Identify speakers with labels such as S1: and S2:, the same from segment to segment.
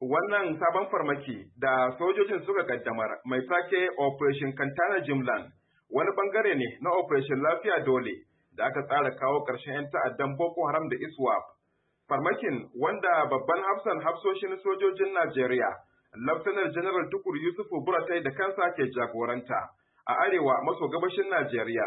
S1: Wannan sabon farmaki da sojojin suka kaddamar mai sake Operation Kantana Jimlan wani bangare ne na Operation Lafiya Dole da aka tsara kawo ƙarshen 'yan ta'addan Boko Haram da ISWAP. Farmakin wanda babban hafsan hafsoshin sojojin Najeriya, Laftanar General Tukur Yusufu Buratai da kansa ke jagoranta a arewa maso gabashin Najeriya.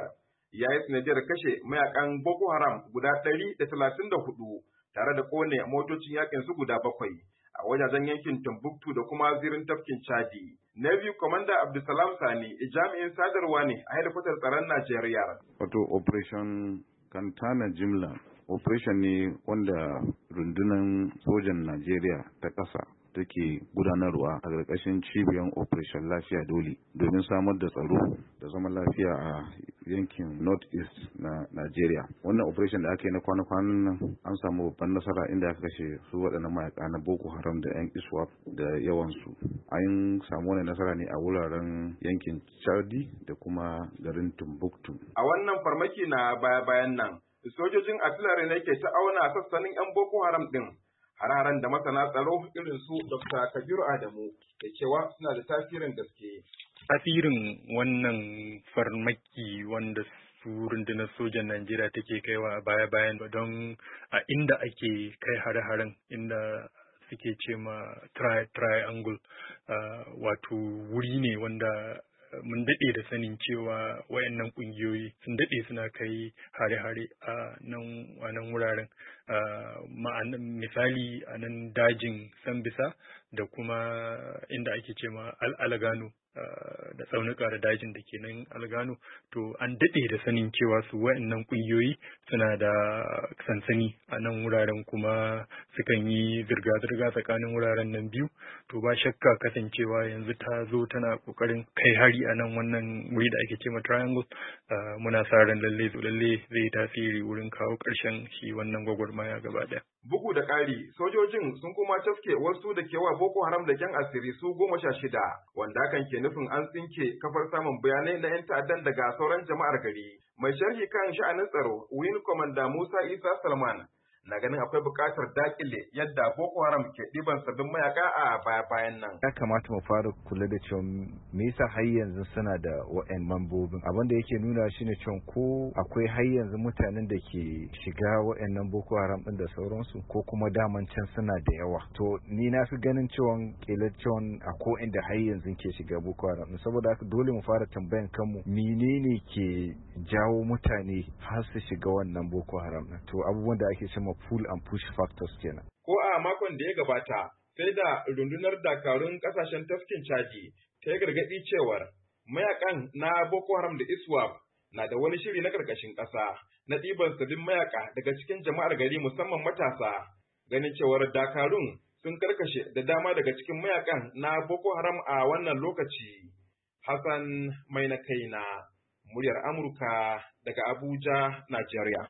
S1: Ya yi sanadiyar kashe mayakan Boko Haram guda ɗari da talatin da hudu tare da kone motocin yakin su guda bakwai. a wajajen yankin Timbuktu da kuma zirin tafkin Chadi. Na biyu, Kwamanda Abdulsalam Sani, jami'in sadarwa ne a hedikwatar tsaron Najeriya.
S2: Wato Operation Kantana Jimla, operation ne wanda rundunar sojan Najeriya ta ƙasa take gudanarwa a ƙarƙashin cibiyar operation lafiya dole domin samar da tsaro da zaman lafiya a yankin north east na Najeriya. Wannan operation da ake na kwana-kwanan nan an samu babban nasara inda aka kashe su waɗannan mayaka na Boko Haram da 'yan ISWAP da yawansu. An samu wani nasara ne a wuraren yankin Chadi da kuma garin Timbuktu.
S1: A wannan farmaki na baya-bayan nan, sojojin artillery ne ke ta auna sassanin 'yan Boko Haram ɗin. har da masana tsaro irin su Dr. Kabiru Adamu da cewa suna da tasirin gaske.
S3: tasirin wannan farmaki wanda su rundunar sojan Najeriya take kaiwa a baya-bayan don a inda ake kai hare-haren inda suke ce ma triangle wato wuri ne wanda mun daɗe da sanin cewa wayannan ƙungiyoyi sun daɗe suna kai hare-hare a nan wuraren misali a nan dajin sambisa da kuma inda ake ce ma al'alagano da tsaunuka da dajin da ke nan algano to an daɗe da sanin cewa su wa'annan ƙungiyoyi suna da sansani a nan wuraren kuma sukan yi zirga-zirga tsakanin wuraren nan biyu to ba shakka kasancewa yanzu ta zo tana ƙoƙarin kai hari a nan wannan wuri da ake ce ma triangle muna sa ran lalle lalle zai tasiri wurin kawo ƙarshen shi wannan gwagwarmaya gaba ɗaya.
S1: Bugu da ƙari, sojojin sun kuma tafke wasu da kewa Boko Haram da kyan asiri su goma sha shida, wanda hakan ke nufin an tsinke kafar samun bayanai na 'yan ta'addan daga sauran jama'ar gari. Mai sharhi kan sha'anin tsaro, Win Commander Musa Isa Salman, na ganin akwai bukatar dakile yadda Boko Haram ke ɗiban sabbin mayaka a baya bayan nan.
S4: Ya kamata mu fara kula da cewa me yasa har yanzu suna da wa'en mambobin abin da yake nuna shine cewa ko akwai har yanzu mutanen da ke shiga wa'annan Boko Haram din da sauransu ko kuma daman can suna da yawa. To ni na fi ganin cewa kila cewa a ko inda har yanzu ke shiga Boko Haram din saboda haka dole mu fara tambayan kanmu menene ke jawo mutane har su shiga wannan Boko Haram to abubuwan da ake cewa kuma pull and push factors kenan.
S1: Ko a makon da ya gabata sai da rundunar dakarun kasashen tafkin caji ta yi gargaɗi cewar mayakan na Boko Haram da ISWAP na da wani shiri na karkashin ƙasa na ɗiban sabbin mayaka daga cikin jama'ar gari musamman matasa ganin cewar dakarun sun karkashe da dama daga cikin mayakan na Boko Haram a wannan lokaci. Hassan Mai na kaina, muryar Amurka daga Abuja, Najeriya.